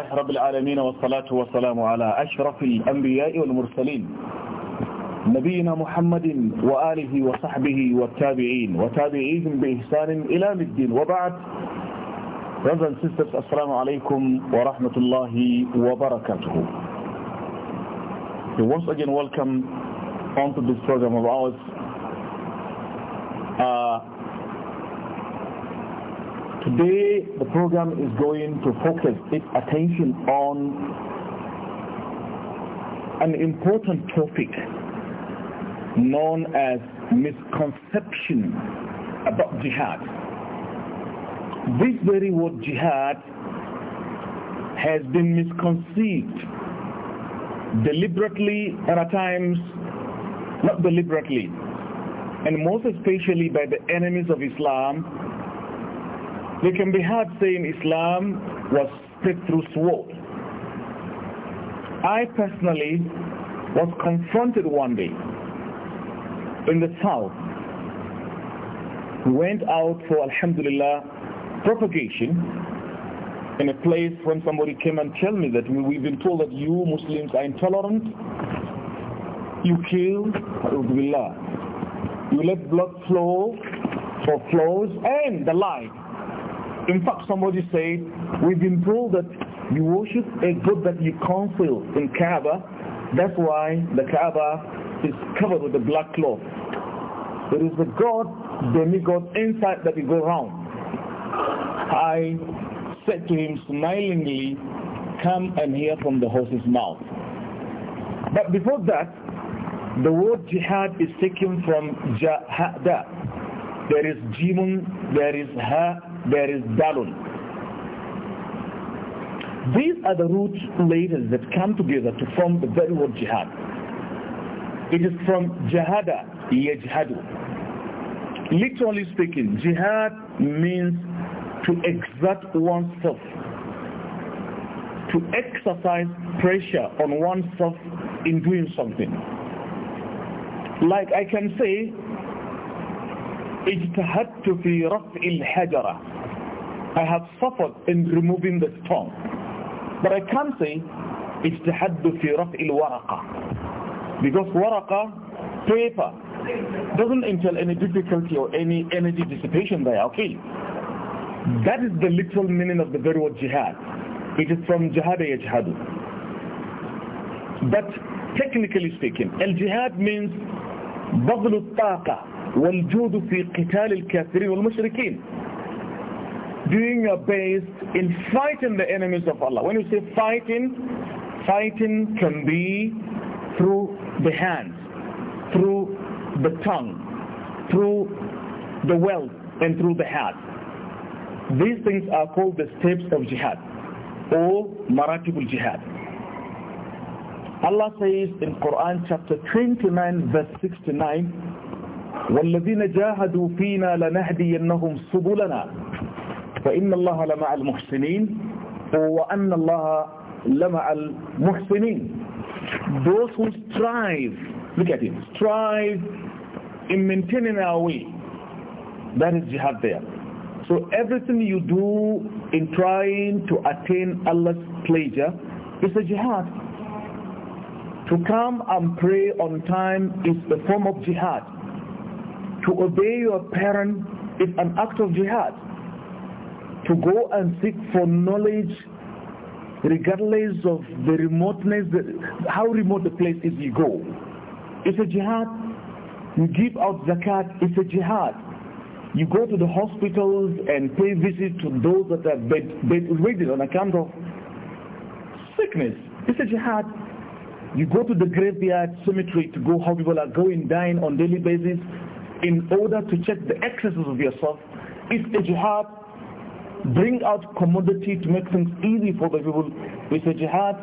لله رب العالمين والصلاة والسلام على أشرف الأنبياء والمرسلين نبينا محمد وآله وصحبه والتابعين وتابعيهم بإحسان إلى الدين وبعد Brothers and السلام عليكم ورحمة الله وبركاته So once again, welcome onto this program of ours. Uh, Today, the program is going to focus its attention on an important topic known as misconception about jihad. This very word jihad has been misconceived deliberately and at times not deliberately and most especially by the enemies of Islam they can be heard saying Islam was split through sword. I personally was confronted one day in the south. We went out for Alhamdulillah propagation in a place when somebody came and tell me that we, have been told that you Muslims are intolerant, you kill, you let blood flow for flows and the like. In fact, somebody said, we've been told that you worship a god that you can't feel in Kaaba. That's why the Kaaba is covered with a black cloth. There is a god, demigod inside that you go round. I said to him smilingly, come and hear from the horse's mouth. But before that, the word jihad is taken from jahada. There is jimun, there is ha, there is dalun. These are the root letters that come together to form the very word jihad. It is from jihada, yajhadu. Literally speaking, jihad means to exert oneself, to exercise pressure on oneself in doing something. Like I can say, اجتهدت في رفع الحجره I have suffered in removing the stone. But I can't say اجتحد في رفع الورقة because ورقة paper doesn't entail any difficulty or any energy dissipation there okay that is the literal meaning of the very word jihad it is from jihad yajhadu but technically speaking al-jihad means بذل الطاقة والجود في قتال الكافرين والمشركين doing your best in fighting the enemies of Allah. When you say fighting, fighting can be through the hands, through the tongue, through the wealth, and through the heart. These things are called the steps of jihad or maratibul jihad. Allah says in Quran chapter 29 verse 69, وَالَّذِينَ جَاهَدُوا فِينَا لَنَهْدِيَنَّهُمْ سُبُلَنَا فإن الله لمع المحسنين وأن الله لمع المحسنين those who strive look at it strive in maintaining our way that is jihad there so everything you do in trying to attain Allah's pleasure is a jihad to come and pray on time is a form of jihad to obey your parent is an act of jihad to go and seek for knowledge regardless of the remoteness, how remote the place is you go. It's a jihad. You give out zakat, it's a jihad. You go to the hospitals and pay visit to those that are bed, bedridden on account of sickness. It's a jihad. You go to the graveyard cemetery to go how people are going, dying on daily basis in order to check the excesses of yourself. It's a jihad bring out commodity to make things easy for the people with the jihad,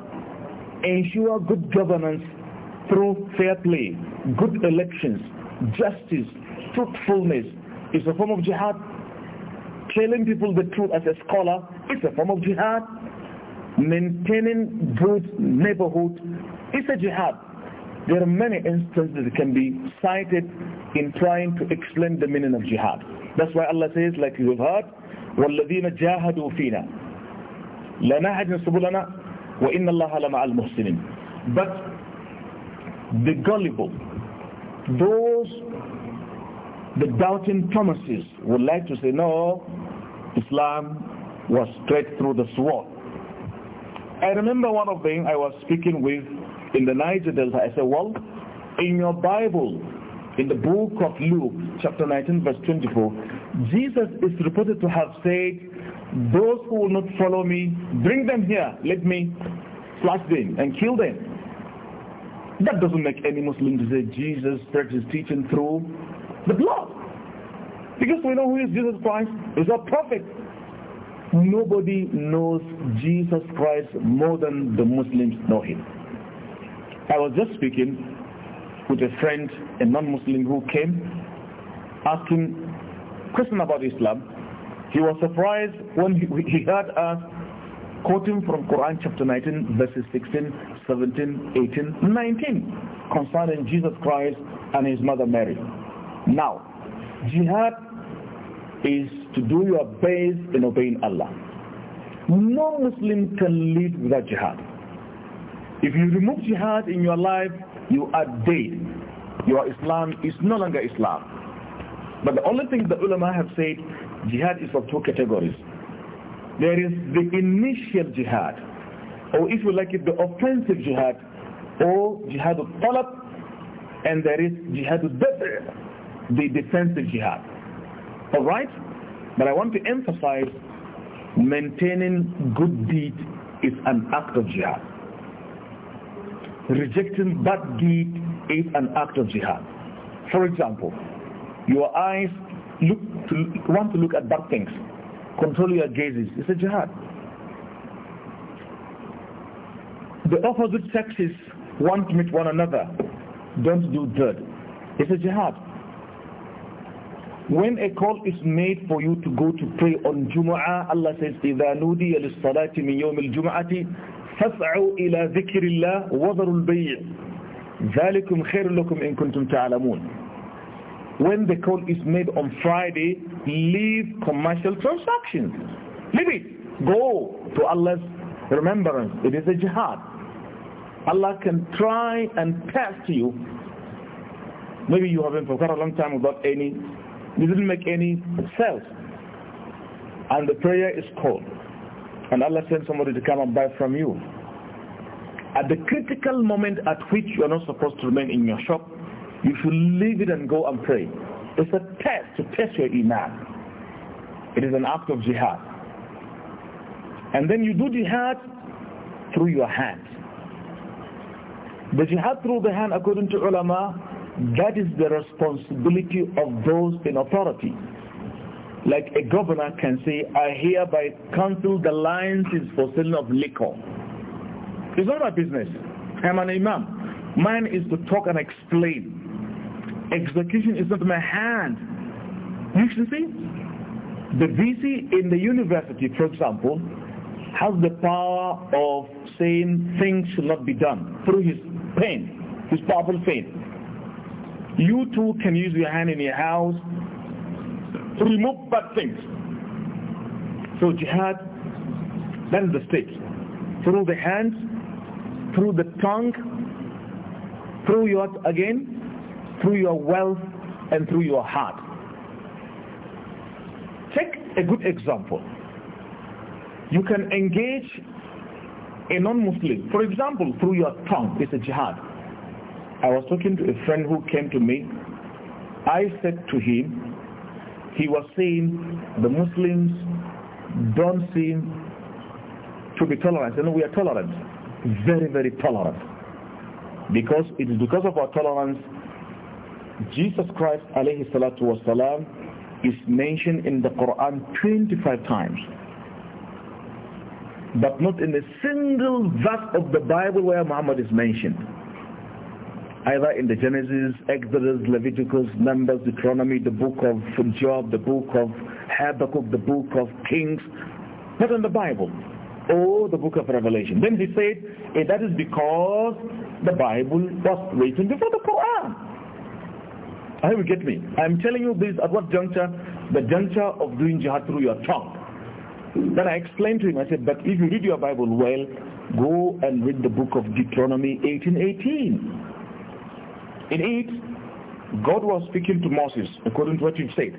ensure good governance through fair play, good elections, justice, truthfulness is a form of jihad. Telling people the truth as a scholar is a form of jihad. Maintaining good neighborhood is a jihad. There are many instances that can be cited in trying to explain the meaning of jihad. That's why Allah says, like you have heard, والذين جاهدوا فينا لنهدن سبلنا وإن الله لمع المحسنين but the gullible those the doubting Thomases would like to say no Islam was straight through the sword I remember one of them I was speaking with in the Niger Delta I said well in your Bible in the book of Luke chapter 19 verse 24 Jesus is reported to have said, those who will not follow me, bring them here, let me slash them and kill them. That doesn't make any Muslim to say Jesus spread his teaching through the blood. Because we know who is Jesus Christ, is a prophet. Nobody knows Jesus Christ more than the Muslims know him. I was just speaking with a friend, a non-Muslim who came, asking question about Islam, he was surprised when he, heard us quoting from Quran chapter 19 verses 16, 17, 18, 19 concerning Jesus Christ and his mother Mary. Now, jihad is to do your best in obeying Allah. No Muslim can live without jihad. If you remove jihad in your life, you are dead. Your Islam is no longer Islam. But the only thing the ulama have said, jihad is of two categories. There is the initial jihad, or if you like it, the offensive jihad, or jihad al-talab, and there is jihad al-dafr, the defensive jihad. Alright? But I want to emphasize maintaining good deed is an act of jihad. Rejecting bad deed is an act of jihad. For example, your eyes look to, want to look at bad things. Control your gazes. It's a jihad. The opposite sexes want to meet one another. Don't do that. It's a jihad. When a call is made for you to go to pray on Jumu'ah, Allah says, إِذَا نُودِيَ لِلصَّلَاةِ مِنْ يَوْمِ الْجُمُعَةِ فَاسْعُوا إِلَى ذِكْرِ اللَّهِ وَظَرُوا الْبَيْعِ ذَلِكُمْ خَيْرٌ لَكُمْ إِن كُنْتُمْ تَعْلَمُونَ when the call is made on Friday, leave commercial transactions. Leave it. Go to Allah's remembrance. It is a jihad. Allah can try and test you. Maybe you have been for quite a long time without any, you didn't make any sales. And the prayer is called. And Allah sends somebody to come and buy from you. At the critical moment at which you are not supposed to remain in your shop, you should leave it and go and pray. It's a test to test your iman. It is an act of jihad. And then you do jihad through your hand. The jihad through the hand, according to ulama, that is the responsibility of those in authority. Like a governor can say, I hereby cancel the licenses for selling of liquor. It's not my business. I'm an imam. Mine is to talk and explain Execution is not my hand. You should see, the VC in the university, for example, has the power of saying things should not be done through his pen, his powerful pen. You too can use your hand in your house to remove bad things. So jihad, that is the state. Through the hands, through the tongue, through your, again, through your wealth and through your heart. Take a good example. You can engage a non-Muslim, for example, through your tongue. It's a jihad. I was talking to a friend who came to me. I said to him, he was saying the Muslims don't seem to be tolerant. know, we are tolerant, very, very tolerant. Because it is because of our tolerance Jesus Christ alayhi salatu wasalam is mentioned in the Quran 25 times. But not in a single verse of the Bible where Muhammad is mentioned. Either in the Genesis, Exodus, Leviticus, Numbers, Deuteronomy, the book of Job, the book of Habakkuk, the book of Kings, not in the Bible or the book of Revelation. Then he said, hey, eh, that is because the Bible was written before the Quran. I will get me. I'm telling you this at what juncture? The juncture of doing jihad through your tongue. Then I explained to him, I said, but if you read your Bible well, go and read the book of Deuteronomy 18.18. In it, God was speaking to Moses, according to what you've said.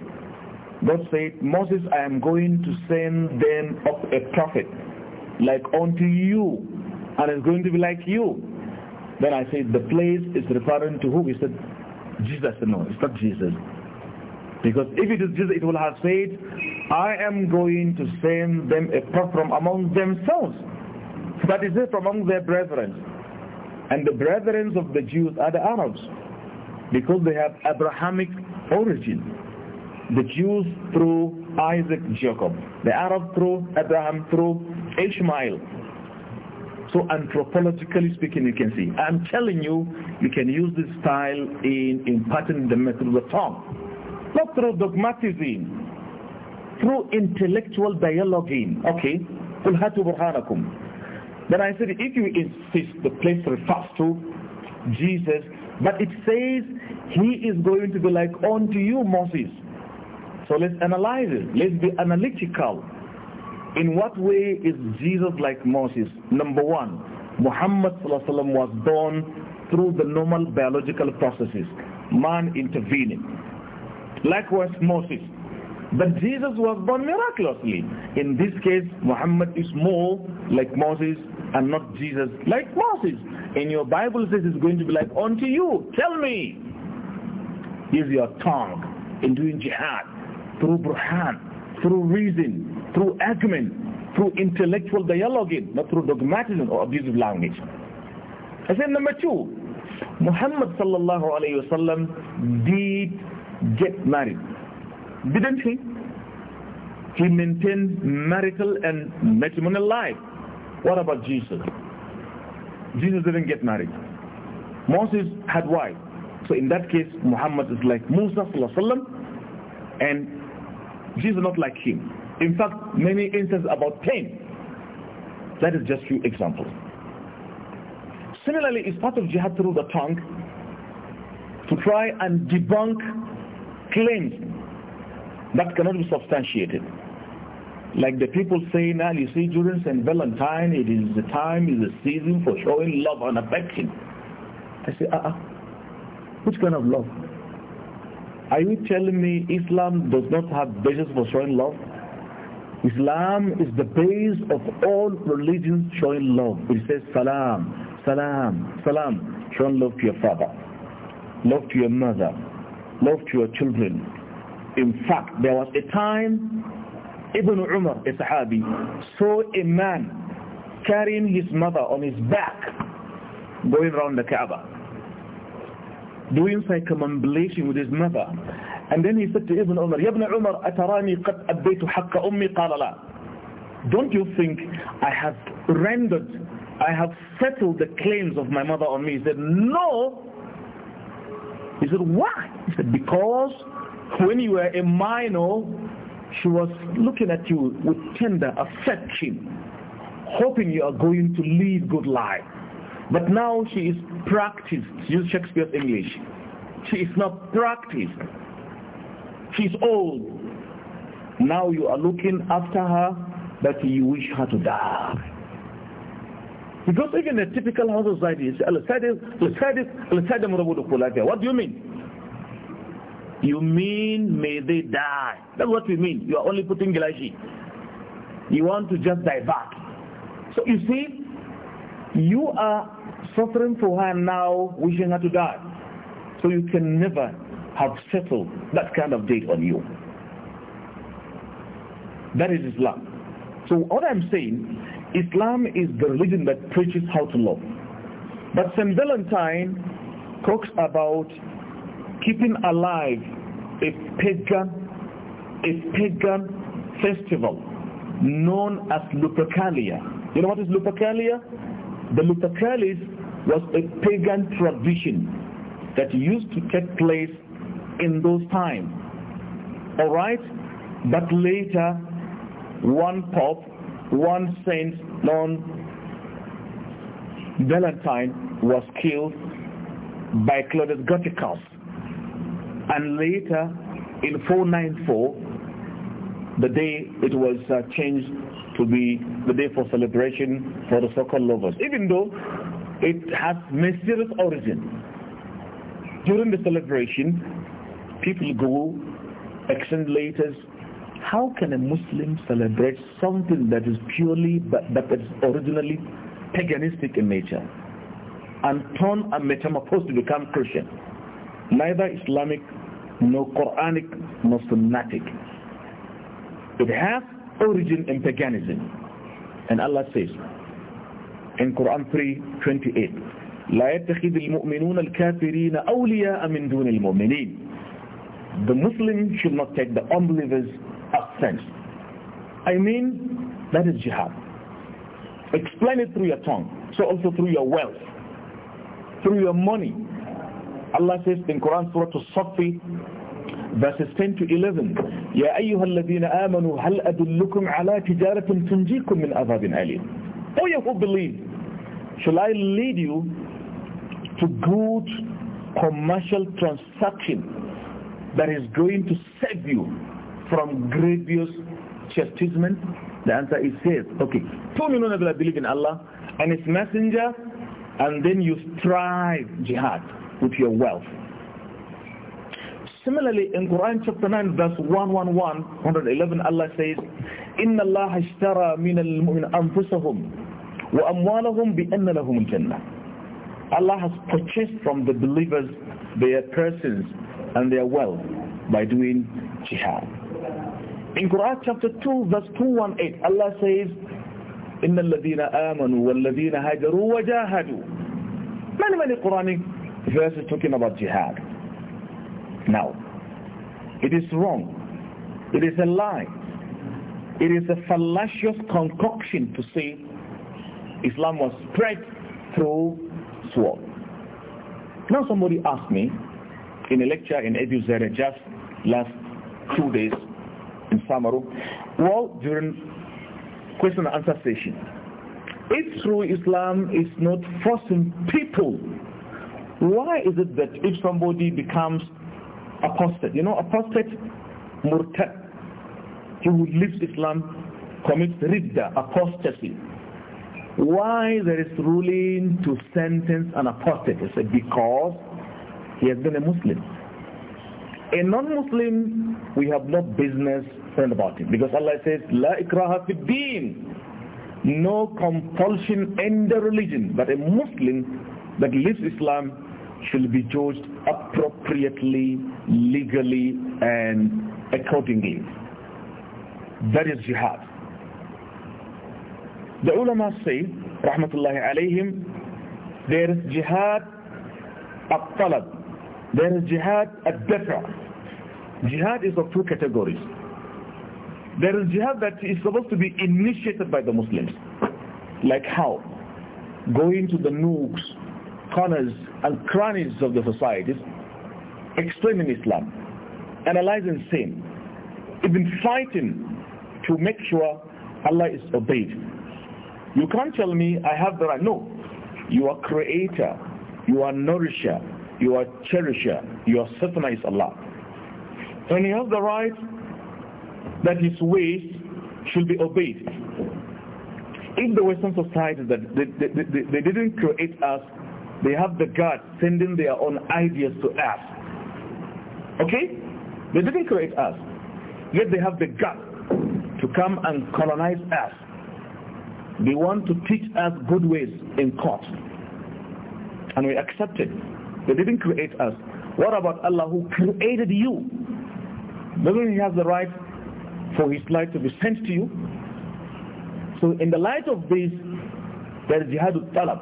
God said, Moses, I am going to send them up a prophet, like unto you, and it's going to be like you. Then I said, the place is referring to who? He said, Jesus. No, it's not Jesus. Because if it is Jesus, it will have said, I am going to send them apart from among themselves. That is it, from among their brethren. And the brethren of the Jews are the Arabs. Because they have Abrahamic origin. The Jews through Isaac, Jacob. The Arabs through Abraham, through Ishmael so anthropologically speaking, you can see. I'm telling you, you can use this style in imparting the message of the tongue. Not through dogmatism, through intellectual dialoguing. Okay, Then I said, if you insist, the place refers to Jesus, but it says he is going to be like unto you, Moses. So let's analyze it. Let's be analytical. In what way is Jesus like Moses? Number one, Muhammad was born through the normal biological processes, man intervening. Likewise Moses. But Jesus was born miraculously. In this case, Muhammad is more like Moses and not Jesus like Moses. And your Bible says it's going to be like unto you. Tell me. Use your tongue in doing jihad through Burhan, through reason, through argument, through intellectual dialoguing, not through dogmatism or abusive language. I said number two, Muhammad sallallahu alayhi wasallam did get married, didn't he? He maintained marital and matrimonial life. What about Jesus? Jesus didn't get married. Moses had wife. So in that case, Muhammad is like Musa sallallahu alayhi wasallam, and Jesus is not like him. In fact, many instances about pain. That is just few examples. Similarly, it's part of jihad through the tongue to try and debunk claims that cannot be substantiated. Like the people say now, you see, during St. Valentine, it is the time, it is the season for showing love and affection. I say, uh-uh, which kind of love? Are you telling me Islam does not have basis for showing love? Islam is the base of all religions showing love. It says salam, salam, salam, showing love to your father, love to your mother, love to your children. In fact, there was a time Ibn Umar, a Sahabi, saw a man carrying his mother on his back going around the Kaaba, doing circumambulation with his mother. And then he said to Ibn Umar, Ibn Umar, أتراني قد أديت حق ummi قال Don't you think I have rendered, I have settled the claims of my mother on me? He said, no. He said, why? He said, because when you were a minor, she was looking at you with tender affection, hoping you are going to lead good life. But now she is practiced, use Shakespeare's English. She is not practiced. She's old. Now you are looking after her but you wish her to die. Because even a typical house of Zaidi is What do you mean? You mean may they die. That's what we mean. You are only putting Gilashi. You want to just die back. So you see, you are suffering for her now, wishing her to die. So you can never have settled that kind of date on you. That is Islam. So what I'm saying, Islam is the religion that preaches how to love. But St. Valentine talks about keeping alive a pagan, a pagan festival known as Lupercalia. You know what is Lupercalia? The Lupercalis was a pagan tradition that used to take place in those times. All right? But later, one pope, one saint, known Valentine, was killed by Claudius Gothicus. And later, in 494, the day it was uh, changed to be the day for celebration for the so-called lovers, even though it has mysterious origin. During the celebration, people go, extend letters. How can a Muslim celebrate something that is purely, but that is originally paganistic in nature and turn and metamorphose to become Christian? Neither Islamic, nor Quranic, nor Sunnatic. It has origin in paganism. And Allah says in Quran 3:28, لا يتخذ المؤمنون الكافرين أولياء من دون المؤمنين the Muslim should not take the unbelievers offense. I mean, that is jihad. Explain it through your tongue, so also through your wealth, through your money. Allah says in Quran Surah Al-Safi, verses 10 to 11, يَا أَيُّهَا الَّذِينَ آمَنُوا هَلْ أَدُلُّكُمْ عَلَى تِجَارَةٍ تُنْجِيكُمْ مِنْ أَذَابٍ أَلِيمٍ O you who believe, shall I lead you to good commercial transaction that is going to save you from grievous chastisement? The answer is yes. Okay. Two million I believe in Allah and His Messenger, and then you strive jihad with your wealth. Similarly, in Quran chapter 9, verse 111, 111, Allah says, إِنَّ Allah has مِنَ الْمُؤْمِنِ أَنفُسَهُمْ وَأَمْوَالَهُمْ بِأَنَّ لَهُمُ Allah has purchased from the believers their persons and their wealth by doing jihad. In Quran chapter 2 verse 218 Allah says إن الذين آمنوا والذين هاجروا وجاهدوا many many Quranic verses talking about jihad now it is wrong it is a lie it is a fallacious concoction to say Islam was spread through sword now somebody asked me in a lecture in Eduzere just last two days in Samaru, well, during question and answer session, if true Islam is not forcing people, why is it that if somebody becomes apostate, you know, apostate, murtad, he who leaves Islam commits ridda, apostasy. Why there is ruling to sentence an apostate? said because he has been a Muslim. A non-Muslim, we have no business friend about him, Because Allah says, La ikraha fi deen. No compulsion in the religion. But a Muslim that lives Islam should be judged appropriately, legally, and accordingly. That is jihad. The ulama say, rahmatullahi alayhim, there is jihad at-talab, there is jihad at dafa. Jihad is of two categories. There is jihad that is supposed to be initiated by the Muslims. Like how? Going to the nooks, corners and crannies of the societies, explaining Islam, analyzing sin, even fighting to make sure Allah is obeyed. You can't tell me I have the right. No, you are creator, you are nourisher, your cherisher, your sitna is Allah. And he has the right that his ways should be obeyed. If the Western society that they, they, they, they didn't create us, they have the God sending their own ideas to us. Okay? They didn't create us. Yet they have the God to come and colonize us. They want to teach us good ways in court. And we accept it. They didn't create us. What about Allah who created you? Doesn't he have the right for his light to be sent to you? So in the light of this, there is jihad talab.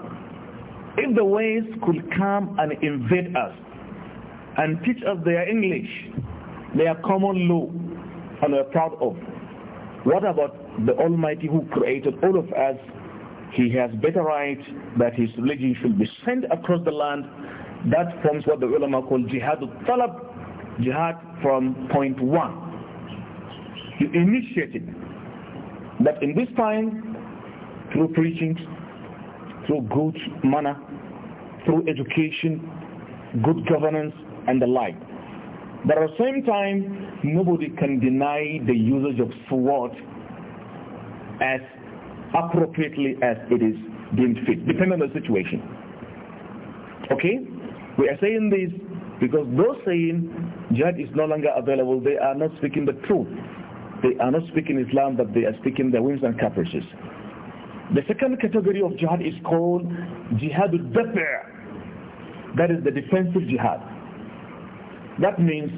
If the ways could come and invade us and teach us their English, their common law, and we are proud of, what about the Almighty who created all of us? He has better right that his religion should be sent across the land that forms what the ulama call jihad talab, jihad from point one. You initiate it. But in this time, through preaching, through good manner, through education, good governance, and the like. But at the same time, nobody can deny the usage of sword as appropriately as it is deemed fit, depending on the situation. Okay? We are saying this because those saying jihad is no longer available, they are not speaking the truth. They are not speaking Islam, but they are speaking their whims and caprices. The second category of jihad is called jihad al-dafi' that is the defensive jihad. That means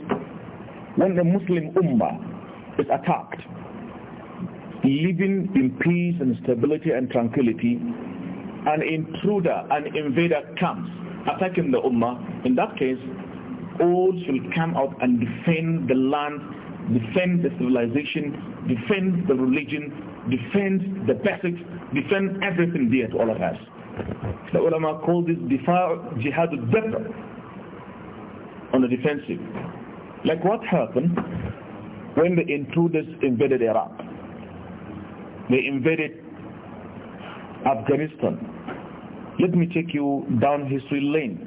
when the Muslim ummah is attacked, living in peace and stability and tranquility, an intruder, an invader comes attacking the Ummah, in that case, all should come out and defend the land, defend the civilization, defend the religion, defend the basics, defend everything dear to all of us. The ulama call this jihad al on the defensive. Like what happened when the intruders invaded Iraq. They invaded Afghanistan let me take you down history lane.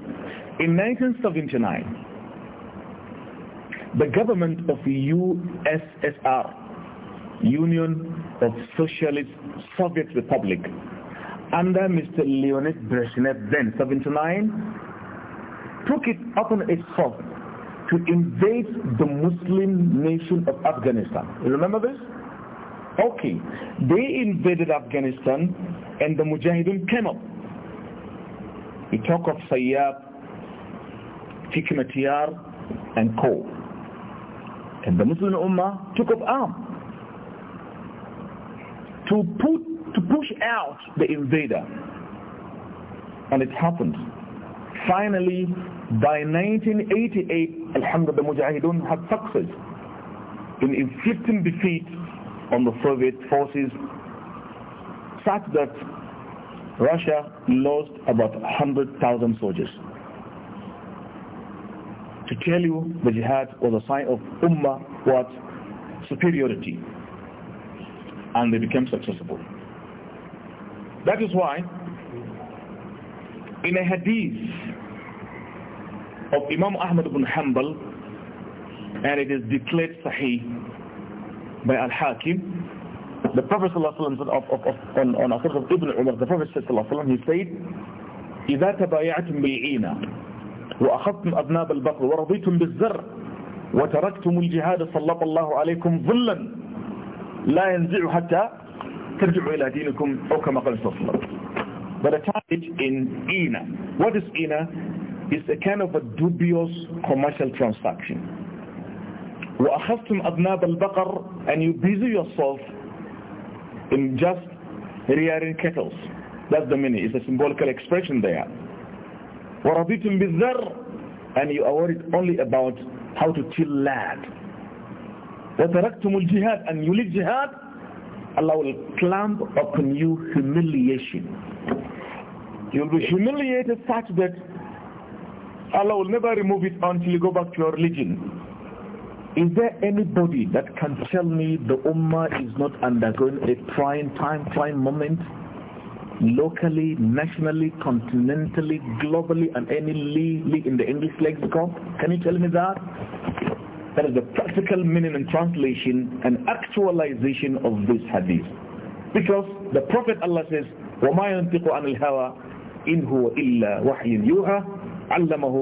In 1979, the government of USSR, Union of Socialist Soviet Republic, under Mr. Leonid Brezhnev then, 79, took it upon itself to invade the Muslim nation of Afghanistan. You remember this? Okay. They invaded Afghanistan and the Mujahideen came up. We talk of Sayyab, Tikmatiyar, and Co. And the Muslim Ummah took up arms to put to push out the invader. And it happened. Finally, by 1988, Alhamdulillah, the Mujahideen had success in inflicting defeat on the Soviet forces such that Russia lost about 100,000 soldiers. To tell you the jihad was a sign of ummah, what? Superiority. And they became successful. That is why in a hadith of Imam Ahmad ibn Hanbal and it is declared sahih by Al-Hakim The Prophet ﷺ of, of, of, on, on Asr of Ibn Umar, the Prophet وسلم, he said, إذا تبايعتم بالعينة وأخذتم أذناب البقر ورضيتم بالزر وتركتم الجهاد صلى الله عليكم ظلا لا ينزع حتى ترجعوا إلى دينكم أو كما قال صلى الله عليه وسلم. But a target in INA. What is INA? It's a kind of a dubious commercial transaction. وأخذتم أذناب البقر and you busy yourself in just rearing kettles. That's the meaning. It's a symbolical expression there. وَرَضِيتُمْ بِالذَّرْ And you are worried only about how to till land. وَتَرَكْتُمُ الْجِهَادِ And you leave jihad, Allah will clamp upon you humiliation. You'll be humiliated such that Allah will never remove it until you go back to your religion. Is there anybody that can tell me the Ummah is not undergoing a trying time, trying moment, locally, nationally, continentally, globally, and any in the English lexicon? Can you tell me that? That is the practical meaning and translation and actualization of this hadith. Because the Prophet Allah says, وَمَا يَنْتِقُ عَنِ الْهَوَىٰ إِنْ هُوَ إِلَّا وَحْيٌ يُوحَىٰ عَلَّمَهُ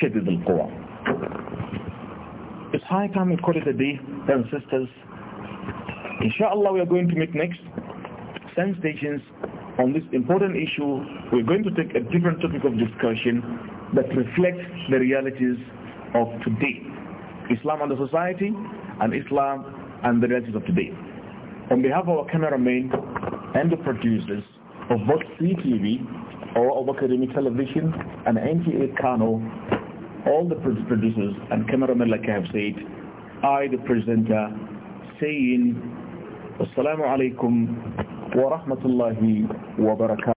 شَدِدُ الْقُوَىٰ it's high time we call it a day, brothers and sisters. Inshallah, we are going to make next sense stations on this important issue. We're going to take a different topic of discussion that reflects the realities of today. Islam and the society, and Islam and the realities of today. On behalf of our men and the producers of both CTV or of Academic Television and NTA Kano, all the producers and cameramen like I have said, I the presenter saying Assalamu alaikum wa rahmatullahi wa barakatuh.